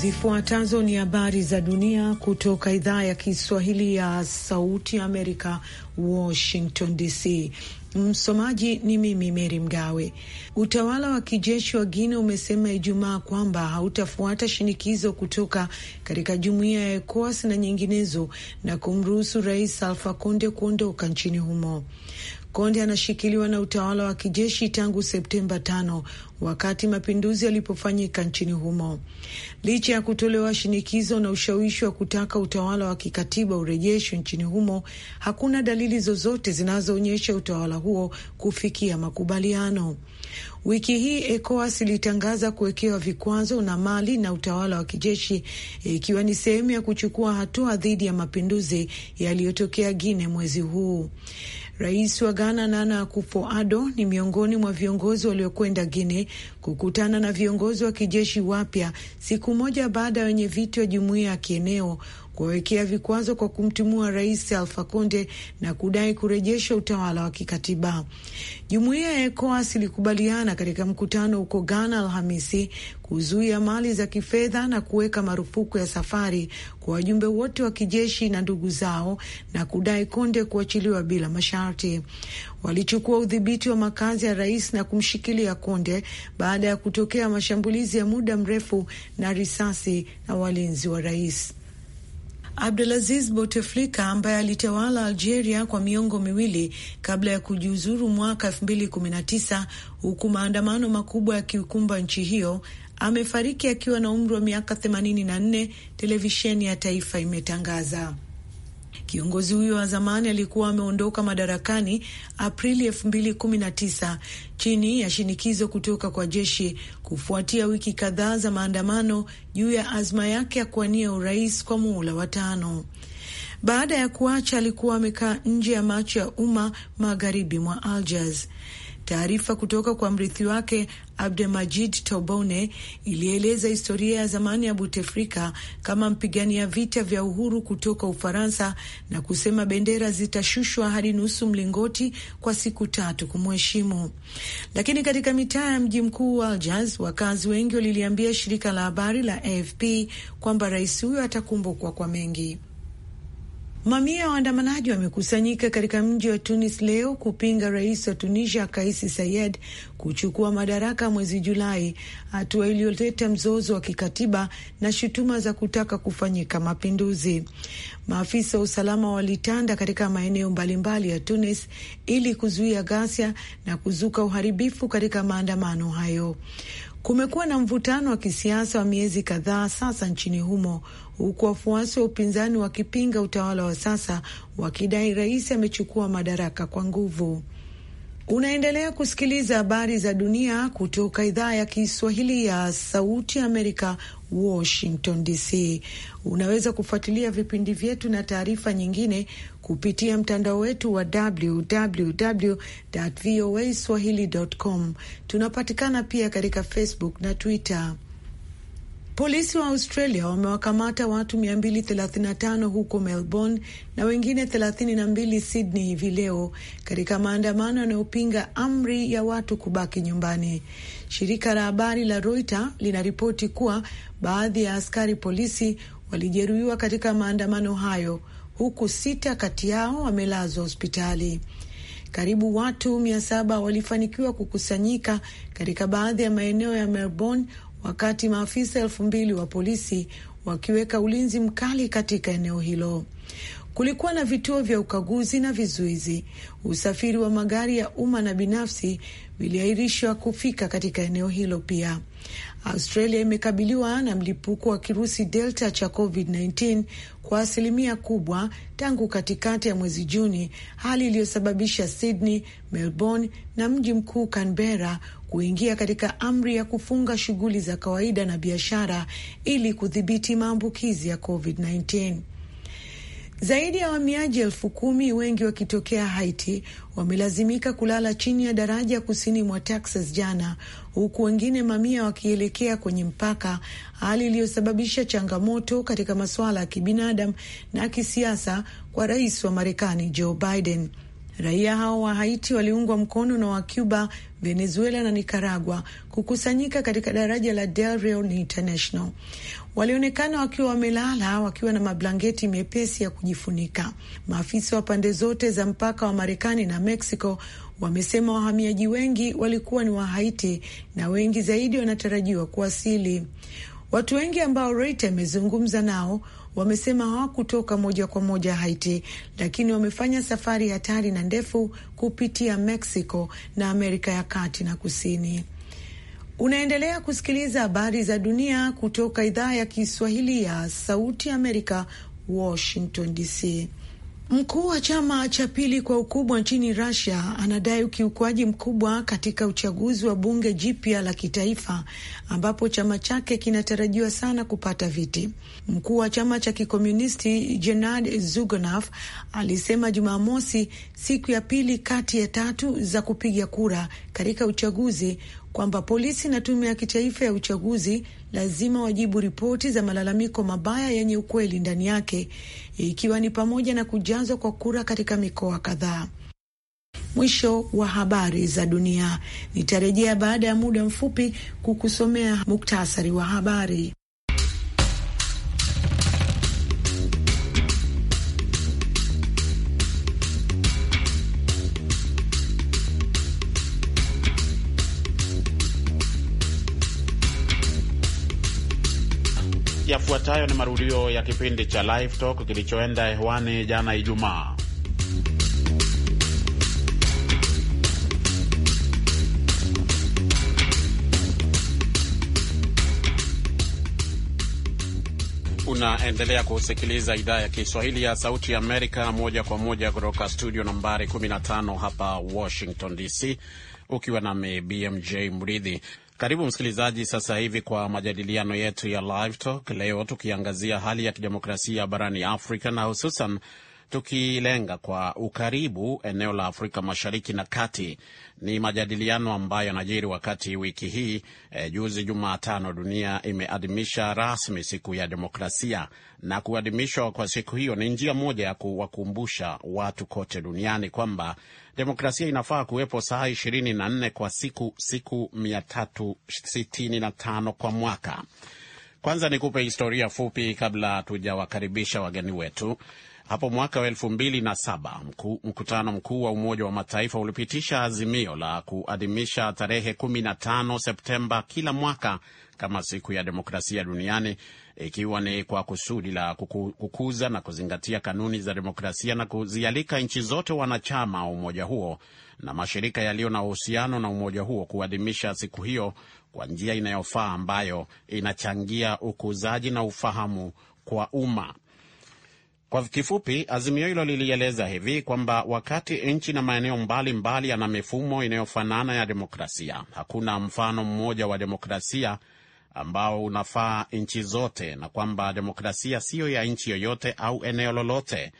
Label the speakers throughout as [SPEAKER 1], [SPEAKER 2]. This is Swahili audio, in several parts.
[SPEAKER 1] Zifuatazo ni habari za dunia kutoka idhaa ya Kiswahili ya Sauti Amerika, Washington DC. Msomaji ni mimi Meri Mgawe. Utawala wa kijeshi wa Guinea umesema Ijumaa kwamba hautafuata shinikizo kutoka katika jumuiya ya ECOWAS na nyinginezo na kumruhusu Rais Alfa Konde kuondoka nchini humo. Konde anashikiliwa na utawala wa kijeshi tangu Septemba tano wakati mapinduzi yalipofanyika nchini humo. Licha ya kutolewa shinikizo na ushawishi wa kutaka utawala wa kikatiba urejeshwe nchini humo, hakuna dalili zozote zinazoonyesha utawala huo kufikia makubaliano. Wiki hii ECOWAS ilitangaza kuwekewa vikwazo na Mali na utawala wa kijeshi ikiwa ni sehemu ya kuchukua hatua dhidi ya mapinduzi yaliyotokea guine mwezi huu. Rais wa Ghana Nana Akufo-Addo ni miongoni mwa viongozi waliokwenda guine kukutana na viongozi wa kijeshi wapya siku moja baada ya wenye viti wa jumuiya ya kieneo kuwawekea vikwazo kwa kumtimua rais alfa Konde na kudai kurejesha utawala wa kikatiba. Jumuiya ya ECOWAS ilikubaliana katika mkutano huko Ghana Alhamisi kuzuia mali za kifedha na kuweka marufuku ya safari kwa wajumbe wote wa kijeshi na ndugu zao na kudai Konde kuachiliwa bila masharti. Walichukua udhibiti wa makazi ya rais na kumshikilia Konde baada ya kutokea mashambulizi ya muda mrefu na risasi na walinzi wa rais. Abdulaziz Bouteflika ambaye alitawala Algeria kwa miongo miwili kabla ya kujiuzuru mwaka 2019 huku maandamano makubwa yakiukumba nchi hiyo amefariki akiwa na umri wa miaka 84, televisheni ya taifa imetangaza. Kiongozi huyo wa zamani alikuwa ameondoka madarakani Aprili 2019 chini ya shinikizo kutoka kwa jeshi kufuatia wiki kadhaa za maandamano juu ya azma yake ya kuwania urais kwa muhula wa tano. Baada ya kuacha, alikuwa amekaa nje ya macho ya umma magharibi mwa Algiers. Taarifa kutoka kwa mrithi wake Abdelmajid Tobone ilieleza historia ya zamani ya butefrika kama mpigania vita vya uhuru kutoka Ufaransa na kusema bendera zitashushwa hadi nusu mlingoti kwa siku tatu kumheshimu. Lakini katika mitaa ya mji mkuu wa Algiers, wakazi wengi waliliambia shirika la habari la AFP kwamba rais huyo atakumbukwa kwa mengi. Mamia ya waandamanaji wamekusanyika katika mji wa Tunis leo kupinga rais wa Tunisia Kaisi Sayed kuchukua madaraka mwezi Julai, hatua iliyoleta mzozo wa kikatiba na shutuma za kutaka kufanyika mapinduzi. Maafisa wa usalama walitanda katika maeneo mbalimbali ya Tunis ili kuzuia ghasia na kuzuka uharibifu katika maandamano hayo. Kumekuwa na mvutano wa kisiasa wa miezi kadhaa sasa nchini humo huku wafuasi wa upinzani wakipinga utawala wa sasa wakidai rais amechukua madaraka kwa nguvu. Unaendelea kusikiliza habari za dunia kutoka idhaa ya Kiswahili ya Sauti Amerika, Washington DC. Unaweza kufuatilia vipindi vyetu na taarifa nyingine kupitia mtandao wetu wa www voa swahili com. Tunapatikana pia katika Facebook na Twitter. Polisi wa Australia wamewakamata watu 235 huko Melbourne na wengine 32 Sydney hivi leo katika maandamano yanayopinga amri ya watu kubaki nyumbani. Shirika la habari la Reuters linaripoti kuwa baadhi ya askari polisi walijeruhiwa katika maandamano hayo, huku sita kati yao wamelazwa hospitali. Karibu watu 700 walifanikiwa kukusanyika katika baadhi ya maeneo ya Melbourne wakati maafisa elfu mbili wa polisi wakiweka ulinzi mkali katika eneo hilo. Kulikuwa na vituo vya ukaguzi na vizuizi. Usafiri wa magari ya umma na binafsi viliahirishwa kufika katika eneo hilo pia. Australia imekabiliwa na mlipuko wa kirusi Delta cha COVID-19 kwa asilimia kubwa tangu katikati ya mwezi Juni, hali iliyosababisha Sydney, Melbourne na mji mkuu Canberra kuingia katika amri ya kufunga shughuli za kawaida na biashara ili kudhibiti maambukizi ya COVID-19. Zaidi ya wahamiaji elfu kumi wengi wakitokea Haiti wamelazimika kulala chini ya daraja kusini mwa Texas jana, huku wengine mamia wakielekea kwenye mpaka, hali iliyosababisha changamoto katika masuala ya kibinadamu na kisiasa kwa rais wa Marekani Joe Biden. Raia hao wa Haiti waliungwa mkono na wacuba Venezuela na Nicaragua kukusanyika katika daraja la Del Rio International walionekana wakiwa wamelala wakiwa na mablangeti mepesi ya kujifunika. Maafisa wa pande zote za mpaka wa Marekani na Mexico wamesema wahamiaji wengi walikuwa ni wa Haiti na wengi zaidi wanatarajiwa kuwasili. Watu wengi ambao Reuters amezungumza nao wamesema hawakutoka moja kwa moja Haiti, lakini wamefanya safari hatari na ndefu kupitia Mexico na Amerika ya kati na kusini. Unaendelea kusikiliza habari za dunia kutoka idhaa ya Kiswahili ya Sauti Amerika, Washington DC. Mkuu wa chama cha pili kwa ukubwa nchini Russia anadai ukiukwaji mkubwa katika uchaguzi wa bunge jipya la kitaifa ambapo chama chake kinatarajiwa sana kupata viti. Mkuu wa chama cha kikomunisti Gennad Zuganov alisema Jumamosi, siku ya pili kati ya tatu za kupiga kura katika uchaguzi kwamba polisi na tume ya kitaifa ya uchaguzi lazima wajibu ripoti za malalamiko mabaya yenye ukweli ndani yake, ikiwa ni pamoja na kujazwa kwa kura katika mikoa kadhaa. Mwisho wa habari za dunia. Nitarejea baada ya muda mfupi kukusomea muktasari wa habari.
[SPEAKER 2] Yafuatayo ni marudio ya kipindi cha Live Talk kilichoenda hewani jana Ijumaa. Unaendelea kusikiliza idhaa ya Kiswahili ya Sauti ya Amerika moja kwa moja kutoka studio nambari 15 hapa Washington DC, ukiwa nami BMJ Mridhi. Karibu msikilizaji, sasa hivi kwa majadiliano yetu ya Live Talk leo, tukiangazia hali ya kidemokrasia barani Afrika na hususan tukilenga kwa ukaribu eneo la Afrika Mashariki na Kati. Ni majadiliano ambayo yanajiri wakati wiki hii e, juzi Jumatano dunia imeadhimisha rasmi siku ya demokrasia, na kuadhimishwa kwa siku hiyo ni njia moja ya kuwakumbusha watu kote duniani kwamba demokrasia inafaa kuwepo saa ishirini na nne kwa siku, siku mia tatu sitini na tano kwa mwaka. Kwanza nikupe historia fupi kabla tujawakaribisha wageni wetu. Hapo mwaka wa elfu mbili na saba mku, mkutano mkuu wa Umoja wa Mataifa ulipitisha azimio la kuadhimisha tarehe tano Septemba kila mwaka kama siku ya demokrasia duniani ikiwa ni kwa kusudi la kuku, kukuza na kuzingatia kanuni za demokrasia na kuzialika nchi zote wanachama wa umoja huo na mashirika yaliyo na uhusiano na umoja huo kuadhimisha siku hiyo kwa njia inayofaa ambayo inachangia ukuzaji na ufahamu kwa umma. Kwa kifupi, azimio hilo lilieleza hivi kwamba wakati nchi na maeneo mbalimbali yana mifumo inayofanana ya demokrasia, hakuna mfano mmoja wa demokrasia ambao unafaa nchi zote, na kwamba demokrasia siyo ya nchi yoyote au eneo lolote.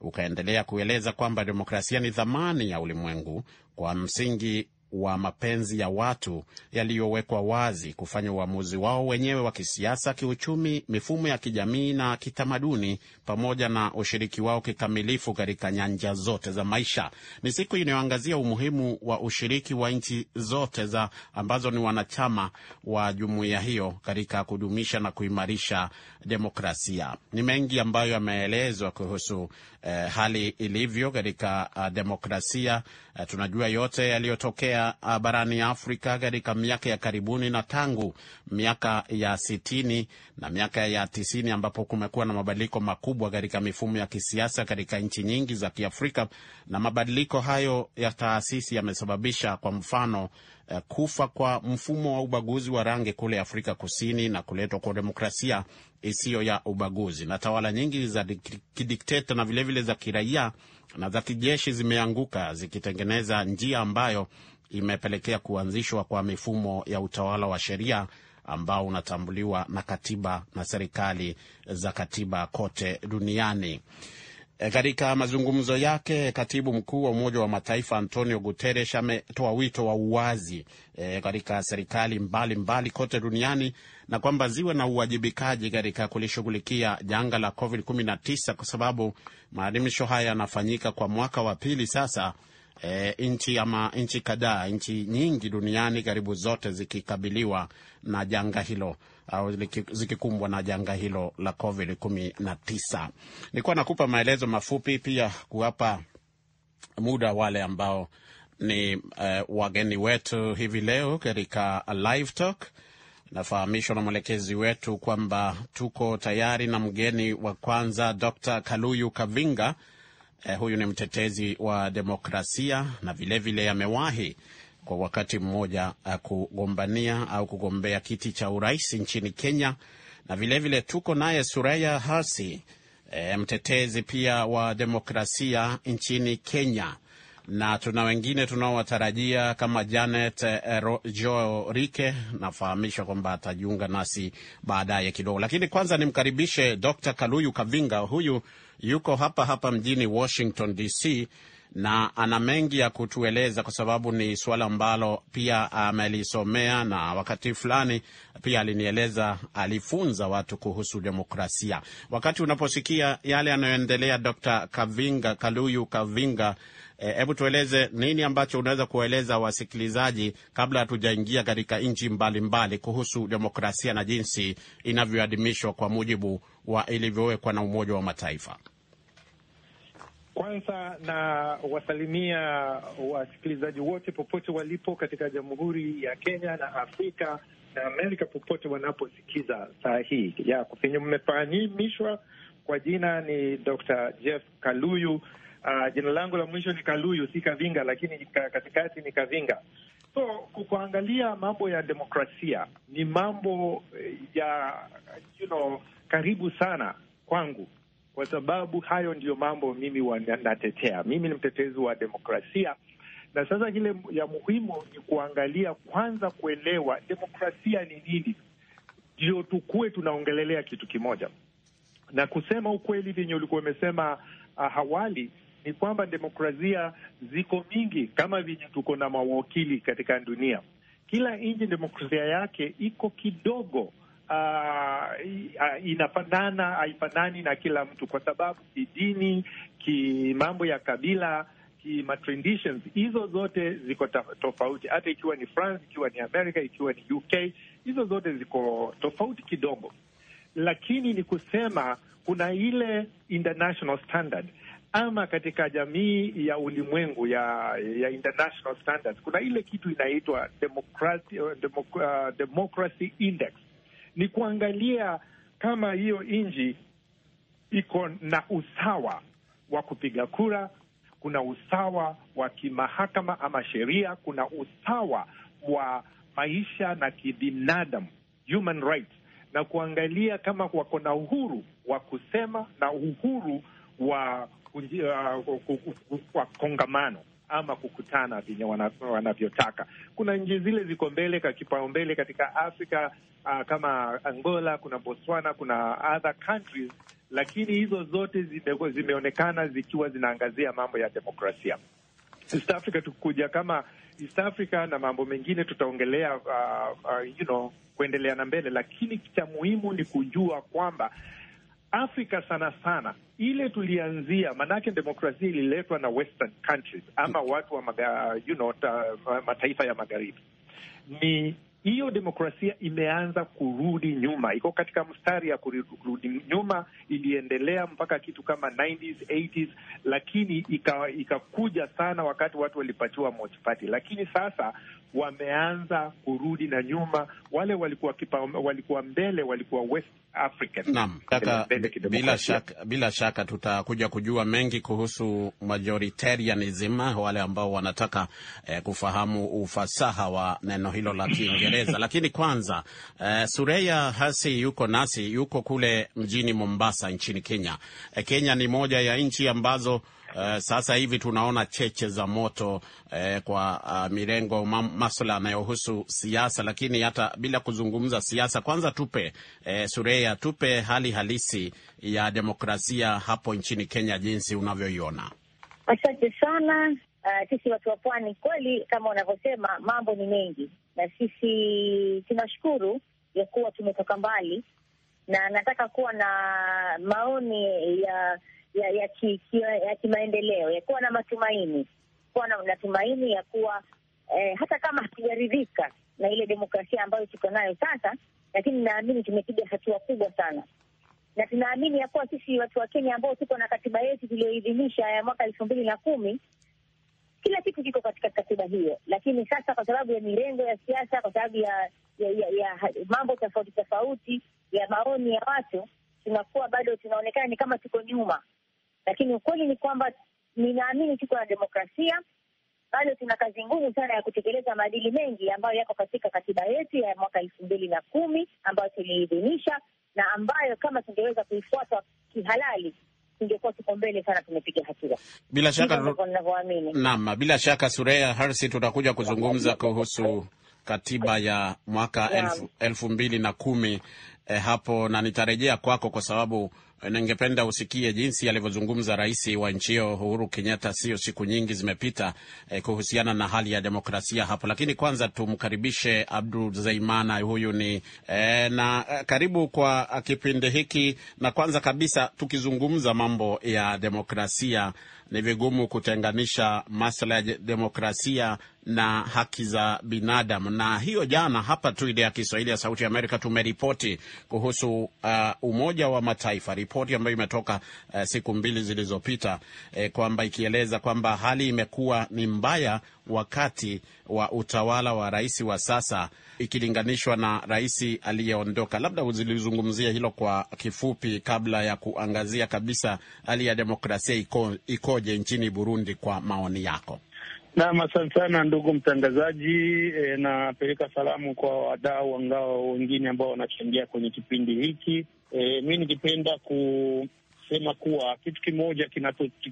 [SPEAKER 2] Ukaendelea kueleza kwamba demokrasia ni thamani ya ulimwengu kwa msingi wa mapenzi ya watu yaliyowekwa wazi kufanya uamuzi wao wenyewe wa kisiasa, kiuchumi, mifumo ya kijamii na kitamaduni, pamoja na ushiriki wao kikamilifu katika nyanja zote za maisha. Ni siku inayoangazia umuhimu wa ushiriki wa nchi zote za ambazo ni wanachama wa jumuiya hiyo katika kudumisha na kuimarisha demokrasia. Ni mengi ambayo yameelezwa kuhusu eh, hali ilivyo katika uh, demokrasia. Uh, tunajua yote yaliyotokea uh, barani Afrika katika miaka ya karibuni na tangu miaka ya sitini na miaka ya tisini ambapo kumekuwa na mabadiliko makubwa katika mifumo ya kisiasa katika nchi nyingi za Kiafrika, na mabadiliko hayo ya taasisi yamesababisha kwa mfano Eh, kufa kwa mfumo wa ubaguzi wa rangi kule Afrika Kusini na kuletwa kwa demokrasia isiyo ya ubaguzi. Na tawala nyingi za kidikteta na vilevile vile za kiraia na za kijeshi zimeanguka zikitengeneza njia ambayo imepelekea kuanzishwa kwa mifumo ya utawala wa sheria ambao unatambuliwa na katiba na serikali za katiba kote duniani. E, katika mazungumzo yake katibu mkuu wa Umoja wa Mataifa Antonio Guterres ametoa wito wa uwazi e, katika serikali mbalimbali mbali kote duniani na kwamba ziwe na uwajibikaji katika kulishughulikia janga la COVID-19 kwa sababu maadhimisho haya yanafanyika kwa mwaka wa pili sasa, e, nchi ama nchi kadhaa, nchi nyingi duniani karibu zote zikikabiliwa na janga hilo au zikikumbwa na janga hilo la COVID 19. Nilikuwa nakupa maelezo mafupi pia kuwapa muda wale ambao ni uh, wageni wetu hivi leo katika live talk. Nafahamishwa na mwelekezi wetu kwamba tuko tayari na mgeni wa kwanza Dr. Kaluyu Kavinga. Eh, huyu ni mtetezi wa demokrasia na vilevile amewahi vile kwa wakati mmoja eh, kugombania au kugombea kiti cha urais nchini Kenya, na vilevile vile tuko naye Suraya Hasi e, eh, mtetezi pia wa demokrasia nchini Kenya, na tuna wengine tunaowatarajia kama Janet eh, Jo Rike. nafahamisha kwamba atajiunga nasi baadaye kidogo, lakini kwanza nimkaribishe Dr. Kaluyu Kavinga. Huyu yuko hapa hapa mjini Washington DC na ana mengi ya kutueleza kwa sababu ni suala ambalo pia amelisomea na wakati fulani pia alinieleza, alifunza watu kuhusu demokrasia. Wakati unaposikia yale yanayoendelea, Dr. Kavinga Kaluyu Kavinga, eh, hebu e, tueleze nini ambacho unaweza kuwaeleza wasikilizaji kabla hatujaingia katika nchi mbalimbali kuhusu demokrasia na jinsi inavyoadhimishwa kwa mujibu wa ilivyowekwa na Umoja wa Mataifa.
[SPEAKER 3] Kwanza na wasalimia wasikilizaji wote popote walipo katika Jamhuri ya Kenya na Afrika na Amerika popote wanaposikiza saa hii ya kufinyu. Mmefahamishwa kwa jina ni Dr. Jeff Kaluyu. Uh, jina langu la mwisho ni Kaluyu, si Kavinga, lakini katikati ni Kavinga. So kuangalia mambo ya demokrasia ni mambo ya you know, karibu sana kwangu kwa sababu hayo ndiyo mambo mimi wanatetea. Mimi ni mtetezi wa demokrasia, na sasa ile ya muhimu ni kuangalia kwanza, kuelewa demokrasia ni nini, ndio tukuwe tunaongelelea kitu kimoja. Na kusema ukweli, vyenye ulikuwa umesema ah, awali ni kwamba demokrasia ziko mingi, kama vyenye tuko na mawakili katika dunia. Kila nchi demokrasia yake iko kidogo uh, inafanana haifanani na kila mtu, kwa sababu kidini, ki mambo ya kabila, ki hizo zote ziko tofauti. Hata ikiwa ni France, ikiwa ni America, ikiwa ni UK, hizo zote ziko tofauti kidogo, lakini ni kusema kuna ile international standard ama katika jamii ya ulimwengu ya ya international standards kuna ile kitu inaitwa democracy, uh, uh democracy index ni kuangalia kama hiyo nchi iko na usawa wa kupiga kura, kuna usawa wa kimahakama ama sheria, kuna usawa wa maisha na kibinadamu, human rights, na kuangalia kama wako na uhuru wa kusema na uhuru wa, uh, wa kongamano ama kukutana vyenye wanavyotaka. Kuna nchi zile ziko mbele ka kipaumbele katika Afrika uh, kama Angola, kuna Botswana, kuna other countries, lakini hizo zote zime, zimeonekana zikiwa zinaangazia mambo ya demokrasia. East Africa tukuja kama East Africa na mambo mengine tutaongelea, uh, uh, you know, kuendelea na mbele, lakini cha muhimu ni kujua kwamba Afrika sana sana ile tulianzia, maanake demokrasia ililetwa na western countries ama hmm. watu wa maga, you know, ta, mataifa ya magharibi. Ni hiyo demokrasia imeanza kurudi nyuma, iko katika mstari ya kurudi nyuma. Iliendelea mpaka kitu kama 90s 80s, lakini ikakuja ika sana wakati watu walipatiwa mochipati, lakini sasa wameanza kurudi na nyuma. Wale walikuwa kipa, walikuwa mbele, walikuwa West African. Naam, kaka, bila shaka,
[SPEAKER 2] bila shaka tutakuja kujua mengi kuhusu majoritarianism, wale ambao wanataka eh, kufahamu ufasaha wa neno hilo la Kiingereza lakini kwanza eh, Sureya Hasi yuko nasi, yuko kule mjini Mombasa nchini Kenya. Eh, Kenya ni moja ya nchi ambazo Eh, sasa hivi tunaona cheche za moto eh, kwa uh, mirengo maswala yanayohusu siasa, lakini hata bila kuzungumza siasa, kwanza tupe eh, Sureya, tupe hali halisi ya demokrasia hapo nchini Kenya jinsi unavyoiona.
[SPEAKER 4] Asante sana. Uh, sisi watu wa pwani kweli, kama unavyosema, mambo ni mengi, na sisi tunashukuru ya kuwa tumetoka mbali, na nataka kuwa na maoni ya ya ya ya kimaendeleo, ya kuwa na matumaini, kuwa na matumaini ya kuwa eh, hata kama hatujaridhika na ile demokrasia ambayo tuko nayo sasa, lakini naamini tumepiga hatua kubwa sana, na tunaamini ya kuwa sisi watu wa Kenya ambao tuko na katiba yetu tuliyoidhinisha ya mwaka elfu mbili na kumi kila kitu kiko katika katiba hiyo, lakini sasa kwa sababu ya mirengo ya siasa, kwa sababu ya, ya, ya, ya mambo tofauti tofauti ya maoni ya watu, tunakuwa bado tunaonekana ni kama tuko nyuma, lakini ukweli ni kwamba ninaamini tuko na demokrasia, bado tuna kazi ngumu sana ya kutekeleza maadili mengi ambayo yako katika katiba yetu ya mwaka elfu mbili na kumi ambayo tuliidhinisha na ambayo kama tungeweza kuifuata kihalali tungekuwa tuko mbele sana, tumepiga hatua bila shaka ninavyoamini. Naam,
[SPEAKER 2] bila shaka Sureya Harsi, tutakuja kuzungumza kuhusu katiba ya mwaka elfu, elfu mbili na kumi eh, hapo na nitarejea kwako kwa sababu ningependa usikie jinsi alivyozungumza rais wa nchi hiyo Uhuru Kenyatta, sio siku nyingi zimepita, eh, kuhusiana na hali ya demokrasia hapo. Lakini kwanza tumkaribishe Abdu Zeimana, huyu ni eh, na eh, karibu kwa eh, kipindi hiki. Na kwanza kabisa tukizungumza mambo ya demokrasia ni vigumu kutenganisha masuala ya demokrasia na haki za binadamu. Na hiyo jana hapa tu idhaa ya Kiswahili ya Sauti ya Amerika tumeripoti kuhusu uh, Umoja wa Mataifa ripoti ambayo imetoka eh, siku mbili zilizopita eh, kwamba ikieleza kwamba hali imekuwa ni mbaya wakati wa utawala wa rais wa sasa ikilinganishwa na rais aliyeondoka. Labda uzilizungumzia hilo kwa kifupi, kabla ya kuangazia kabisa hali ya demokrasia iko, ikoje nchini Burundi kwa maoni yako?
[SPEAKER 5] Naam, asante sana ndugu mtangazaji. E, napeleka salamu kwa wadau wangao wengine ambao wanachangia kwenye kipindi hiki E, mi ningependa kusema kuwa kitu kimoja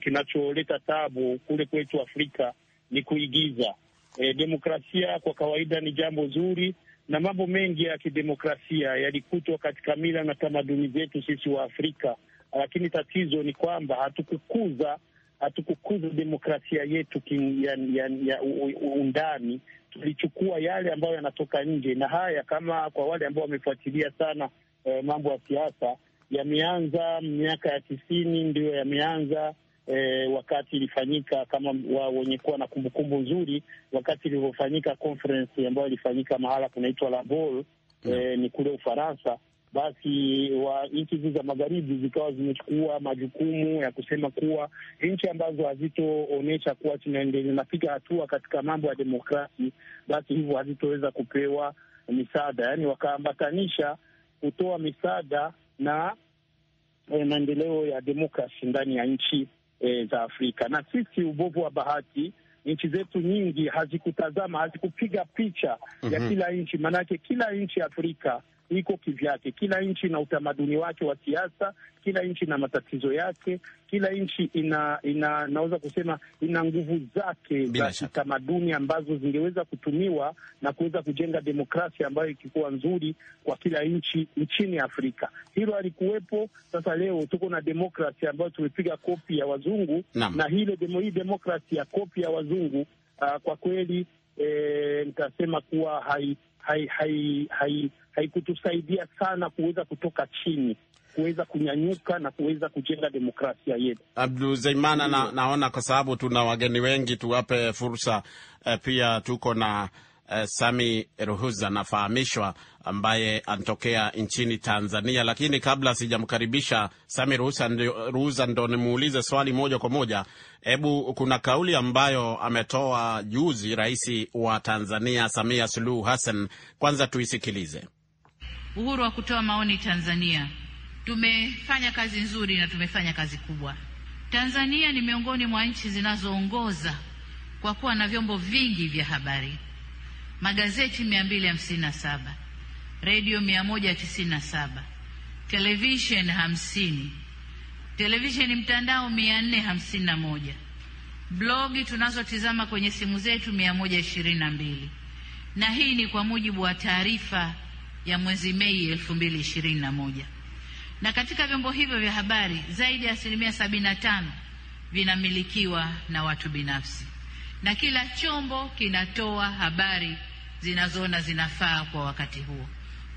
[SPEAKER 5] kinacholeta tabu kule kwetu Afrika ni kuigiza. E, demokrasia kwa kawaida ni jambo zuri na mambo mengi ya kidemokrasia yalikutwa katika mila na tamaduni zetu sisi wa Afrika, lakini tatizo ni kwamba hatukukuza hatukukuza demokrasia yetu kin, ya, ya, ya undani. Tulichukua yale ambayo yanatoka nje, na haya kama kwa wale ambao wamefuatilia sana eh, mambo ya siasa yameanza miaka ya tisini, ndiyo yameanza eh, wakati ilifanyika kama wa wenye kuwa na kumbukumbu nzuri, wakati ilivyofanyika conference ambayo ilifanyika mahala kunaitwa La Baule yeah. eh, ni kule Ufaransa. Basi wa nchi hizi za magharibi zikawa zimechukua majukumu ya kusema kuwa nchi ambazo hazitoonyesha kuwa zinapiga hatua katika mambo ya demokrasi, basi hivyo hazitoweza kupewa misaada, yaani wakaambatanisha kutoa misaada na e, maendeleo ya demokrasi ndani ya nchi e, za Afrika. Na sisi ubovu wa bahati nchi zetu nyingi hazikutazama hazikupiga picha mm -hmm. ya mhm. kila nchi, maanake kila nchi ya Afrika iko kivyake. Kila nchi na utamaduni wake wa siasa, kila nchi na matatizo yake, kila nchi ina, ina naweza kusema ina nguvu zake za kitamaduni ambazo zingeweza kutumiwa na kuweza kujenga demokrasia ambayo ikikuwa nzuri kwa kila nchi nchini Afrika. Hilo halikuwepo. Sasa leo tuko na demokrasi ambayo tumepiga kopi ya wazungu na, na hile demo, hii ya kopi ya wazungu uh, kwa kweli Eh, nitasema kuwa hai haikutusaidia sana kuweza kutoka chini kuweza kunyanyuka na kuweza kujenga demokrasia
[SPEAKER 2] yetu. Zeimana, na, naona kwa sababu tuna wageni wengi tuwape fursa eh, pia tuko na Eh, Sami Ruhuza nafahamishwa, ambaye anatokea nchini Tanzania. Lakini kabla sijamkaribisha Sami Ruhuza, ndo nimuulize swali moja kwa moja. Hebu, kuna kauli ambayo ametoa juzi Rais wa Tanzania Samia Suluhu Hassan, kwanza tuisikilize.
[SPEAKER 6] Uhuru wa kutoa maoni Tanzania, tumefanya kazi nzuri na tumefanya kazi kubwa. Tanzania ni miongoni mwa nchi zinazoongoza kwa kuwa na vyombo vingi vya habari magazeti 257, redio 197, televisheni hamsini, televisheni mtandao 451, blogi tunazotizama kwenye simu zetu 122, na hii ni kwa mujibu wa taarifa ya mwezi Mei 2021. Na katika vyombo hivyo vya habari zaidi ya asilimia 75 vinamilikiwa na watu binafsi, na kila chombo kinatoa habari zinazoona zinafaa kwa wakati huo.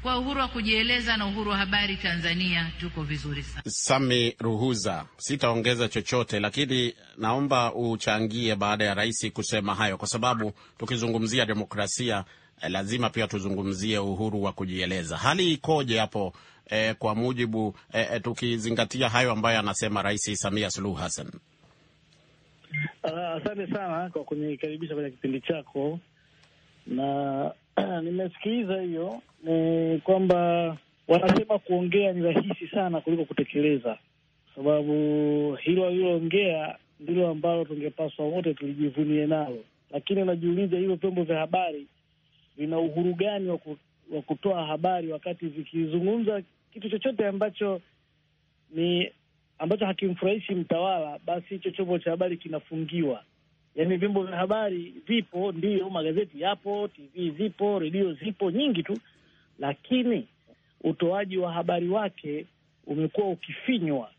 [SPEAKER 6] Kwa uhuru wa kujieleza na uhuru wa habari Tanzania tuko vizuri sana.
[SPEAKER 2] Sami Ruhuza, sitaongeza chochote, lakini naomba uchangie baada ya rais kusema hayo, kwa sababu tukizungumzia demokrasia eh, lazima pia tuzungumzie uhuru wa kujieleza. Hali ikoje hapo eh, kwa mujibu eh, eh tukizingatia hayo ambayo anasema Rais Samia Suluhu Hassan?
[SPEAKER 5] Ah, asante uh, sana kwa kunikaribisha kwenye kipindi chako na nimesikiliza hiyo, ni kwamba wanasema kuongea ni rahisi sana kuliko kutekeleza, kwa sababu hilo aliloongea ndilo ambalo tungepaswa wote tulijivunie nalo, lakini unajiuliza hivyo vyombo vya habari vina uhuru gani wa kutoa habari wakati vikizungumza kitu chochote ambacho ni ambacho hakimfurahishi mtawala, basi hicho chombo cha habari kinafungiwa yani vyombo vya habari vipo, ndiyo, magazeti yapo, TV zipo, redio zipo nyingi tu, lakini utoaji wa habari wake umekuwa ukifinywa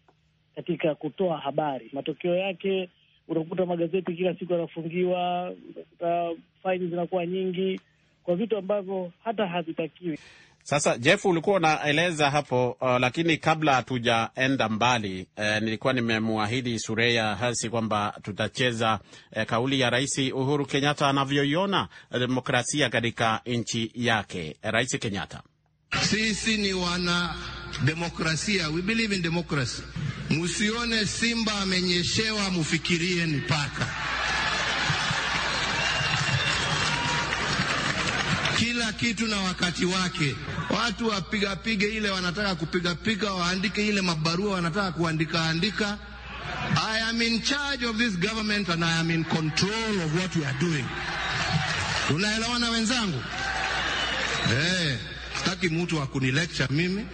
[SPEAKER 5] katika kutoa habari. Matokeo yake unakuta magazeti kila siku yanafungiwa, utakuta faili zinakuwa nyingi kwa vitu ambavyo hata havitakiwi.
[SPEAKER 2] Sasa Jeff, ulikuwa unaeleza hapo uh, lakini kabla hatujaenda mbali eh, nilikuwa nimemwahidi Sureya Hasi kwamba tutacheza eh, kauli ya Rais Uhuru Kenyatta anavyoiona demokrasia katika nchi yake. Rais Kenyatta:
[SPEAKER 3] sisi ni wana demokrasia, we believe in democracy. Musione simba amenyeshewa, mufikirie ni paka kitu na wakati wake. Watu wapigapige ile wanataka kupigapiga waandike ile mabarua wanataka kuandika andika. I am in charge of this government and I am in control of what we are doing. Tunaelewana
[SPEAKER 7] wenzangu?
[SPEAKER 2] Hey, eh, sitaki mtu kunilecture mimi.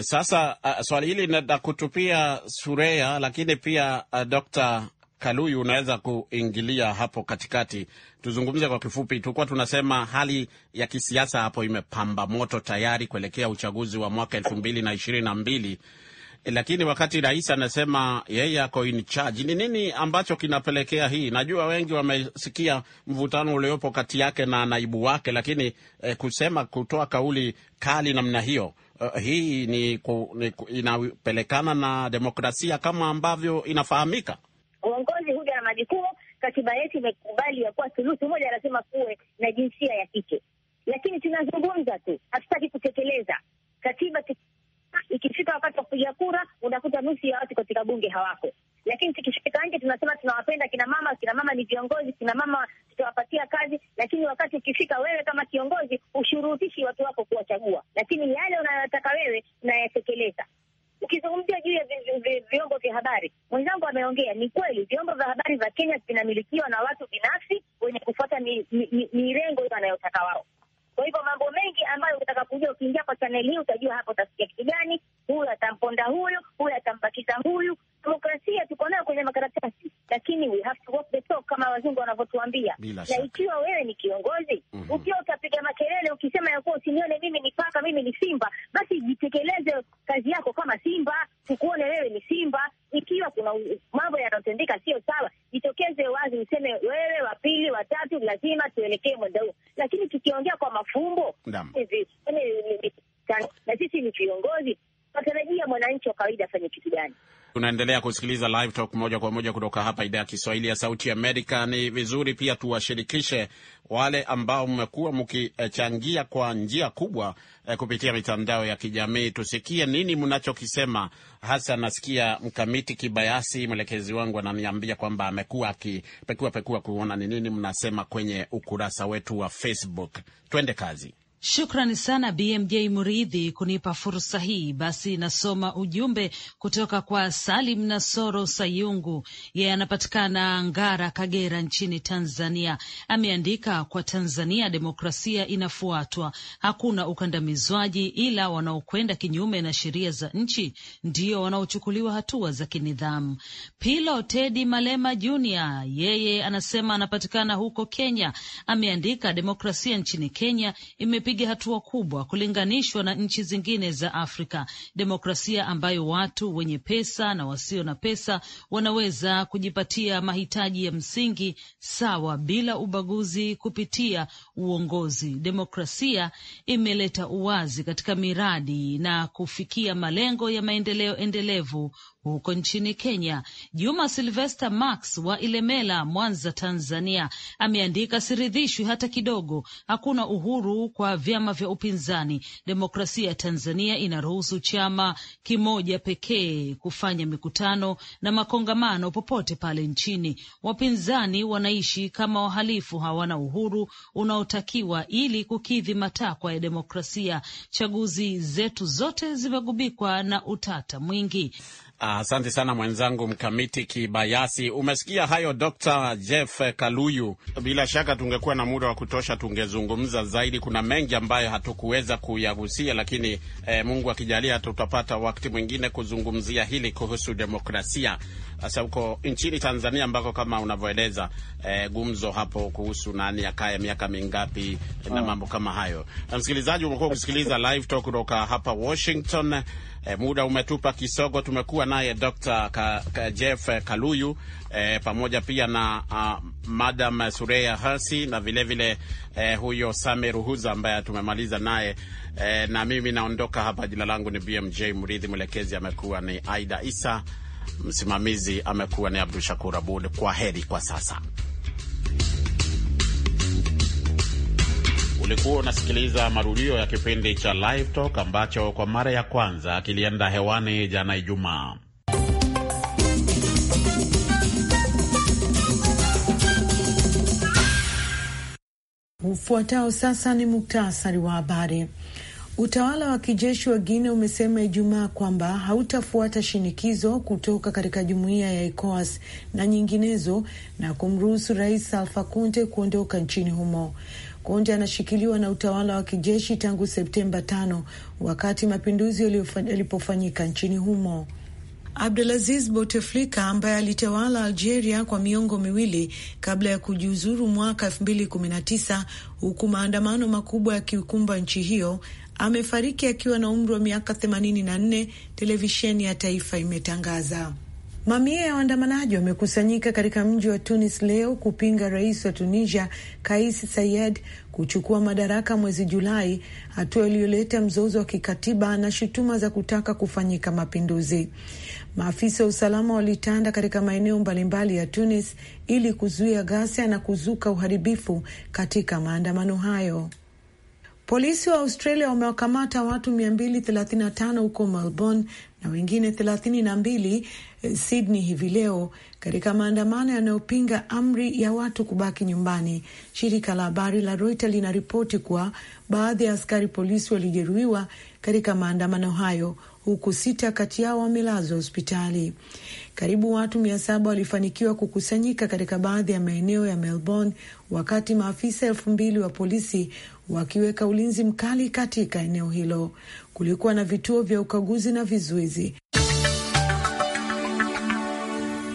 [SPEAKER 2] Sasa uh, swali hili nakutupia Surea, lakini pia uh, eh, Dr. Kaluyu, unaweza kuingilia hapo katikati, tuzungumze kwa kifupi. Tulikuwa tunasema hali ya kisiasa hapo imepamba moto tayari kuelekea uchaguzi wa mwaka elfu mbili na ishirini na mbili eh, lakini wakati rais anasema yeye ako in charge, ni nini ambacho kinapelekea hii? Najua wengi wamesikia mvutano uliopo kati yake na naibu wake, lakini eh, kusema kutoa kauli kali namna hiyo uh, hii ni, ku, ni, ku, inapelekana na demokrasia kama ambavyo inafahamika
[SPEAKER 4] uongozi huja na majukumu. Katiba yetu imekubali ya kuwa thuluthi moja anasema kuwe na jinsia ya kike, lakini tunazungumza tu, hatutaki kutekeleza katiba. Ikifika wakati wa kupiga kura, unakuta nusu ya watu katika bunge hawako, lakini tukifika nje tunasema tunawapenda kina mama, kina mama ni viongozi, kina mama tutawapatia kazi, lakini wakati ukifika, wewe kama kiongozi ushurutishi watu wako kuwachagua, lakini yale unayotaka wewe unayatekeleza. Ukizungumzia juu ya vyombo vya habari, mwenzangu ameongea, ni kweli vyombo vya habari vya Kenya vinamilikiwa na watu binafsi wenye kufuata mirengo hiyo anayotaka wao. Kwa hivyo mambo mengi ambayo unataka kujua, ukiingia kwa chaneli hii utajua hapo utasikia kitu gani, huyu atamponda huyu, huyu atambakiza huyu, demokrasia tuko nayo kwenye makaratasi, lakini we have to walk the talk kama wazungu wanavyotuambia. Na ikiwa wewe ni kiongozi mm -hmm. ukiwa utapiga makelele ukisema ya kuwa usinione mimi ni paka, mimi ni simba, basi jitekeleze kazi yako kama simba, tukuone wewe ni simba. Ikiwa kuna mambo yanayotendeka sio sawa, jitokeze wazi, useme wewe, wa pili, wa tatu, lazima tuelekee mwendo huo. Lakini tukiongea kwa mafumbo hivi na sisi ni kiongozi tunatarajia mwananchi wa kawaida afanye kitu gani?
[SPEAKER 2] Tunaendelea kusikiliza Live Talk moja kwa moja kutoka hapa idhaa ya Kiswahili ya Sauti Amerika. Ni vizuri pia tuwashirikishe wale ambao mmekuwa mkichangia kwa njia kubwa eh, kupitia mitandao ya kijamii. Tusikie nini mnachokisema hasa. Nasikia Mkamiti Kibayasi, mwelekezi wangu, ananiambia kwamba amekuwa akipekua pekua kuona ni nini mnasema kwenye ukurasa wetu wa Facebook. Twende kazi.
[SPEAKER 6] Shukrani sana BMJ Muridhi kunipa fursa hii. Basi nasoma ujumbe kutoka kwa Salim Nasoro Sayungu, yeye anapatikana Ngara, Kagera nchini Tanzania. Ameandika, kwa Tanzania demokrasia inafuatwa, hakuna ukandamizwaji, ila wanaokwenda kinyume na sheria za nchi ndio wanaochukuliwa hatua za kinidhamu. Pilo Tedi Malema Junior, yeye anasema, anapatikana huko Kenya, ameandika demokrasia nchini Kenya imepiga imepiga hatua kubwa kulinganishwa na nchi zingine za Afrika, demokrasia ambayo watu wenye pesa na wasio na pesa wanaweza kujipatia mahitaji ya msingi sawa bila ubaguzi kupitia uongozi. Demokrasia imeleta uwazi katika miradi na kufikia malengo ya maendeleo endelevu huko nchini Kenya, Juma Silvester Max wa Ilemela, Mwanza, Tanzania, ameandika siridhishwi hata kidogo. Hakuna uhuru kwa vyama vya upinzani. Demokrasia ya Tanzania inaruhusu chama kimoja pekee kufanya mikutano na makongamano popote pale nchini. Wapinzani wanaishi kama wahalifu, hawana uhuru unaotakiwa ili kukidhi matakwa ya demokrasia. Chaguzi zetu zote zimegubikwa na utata mwingi.
[SPEAKER 2] Asante uh, sana mwenzangu Mkamiti Kibayasi. Umesikia hayo Dr. Jeff Kaluyu. Bila shaka tungekuwa na muda wa kutosha, tungezungumza zaidi. Kuna mengi ambayo hatukuweza kuyagusia, lakini eh, Mungu akijalia tutapata wakati mwingine kuzungumzia hili kuhusu demokrasia. Sasa huko nchini Tanzania ambako kama unavyoeleza eh, gumzo hapo kuhusu nani akaye miaka mingapi na ah. mambo kama hayo. Msikilizaji, umekuwa ukisikiliza Live Talk kutoka hapa Washington E, muda umetupa kisogo. Tumekuwa naye Dr. Ka, Ka, Jeff Kaluyu e, pamoja pia na uh, Madam Sureya Hasi na vilevile vile, e, huyo Same Ruhuza ambaye tumemaliza naye e, na mimi naondoka hapa. Jina langu ni BMJ Mridhi, mwelekezi amekuwa ni Aida Isa, msimamizi amekuwa ni Abdu Shakur Abud. Kwa heri kwa sasa. Ulikuwa unasikiliza marudio ya kipindi cha Live Talk ambacho kwa mara ya kwanza kilienda hewani jana Ijumaa.
[SPEAKER 1] Ufuatao sasa ni muktasari wa habari. Utawala wa kijeshi wa Guinea umesema Ijumaa kwamba hautafuata shinikizo kutoka katika jumuiya ya ECOWAS na nyinginezo na kumruhusu Rais Alfa Conte kuondoka nchini humo. Konde anashikiliwa na utawala wa kijeshi tangu Septemba tano wakati mapinduzi yalipofanyika nchini humo. Abdulaziz Bouteflika ambaye alitawala Algeria kwa miongo miwili kabla ya kujiuzuru mwaka 2019 huku maandamano makubwa yakikumba nchi hiyo amefariki akiwa na umri wa miaka 84, televisheni ya taifa imetangaza. Mamia ya waandamanaji wamekusanyika katika mji wa Tunis leo kupinga rais wa Tunisia Kais Sayed kuchukua madaraka mwezi Julai, hatua iliyoleta mzozo wa kikatiba na shutuma za kutaka kufanyika mapinduzi. Maafisa wa usalama walitanda katika maeneo mbalimbali ya Tunis ili kuzuia ghasia na kuzuka uharibifu katika maandamano hayo. Polisi wa Australia wamewakamata watu 235 huko Melbourne na wengine 32 Eh, Sydney hivi leo katika maandamano yanayopinga amri ya watu kubaki nyumbani. Shirika la habari la Reuters linaripoti kuwa baadhi ya askari polisi walijeruhiwa katika maandamano hayo huku sita kati yao wamelazwa hospitali. Karibu watu mia saba walifanikiwa kukusanyika katika baadhi ya maeneo ya Melbourne, wakati maafisa elfu mbili wa polisi wakiweka ulinzi mkali katika eneo hilo. Kulikuwa na vituo vya ukaguzi na vizuizi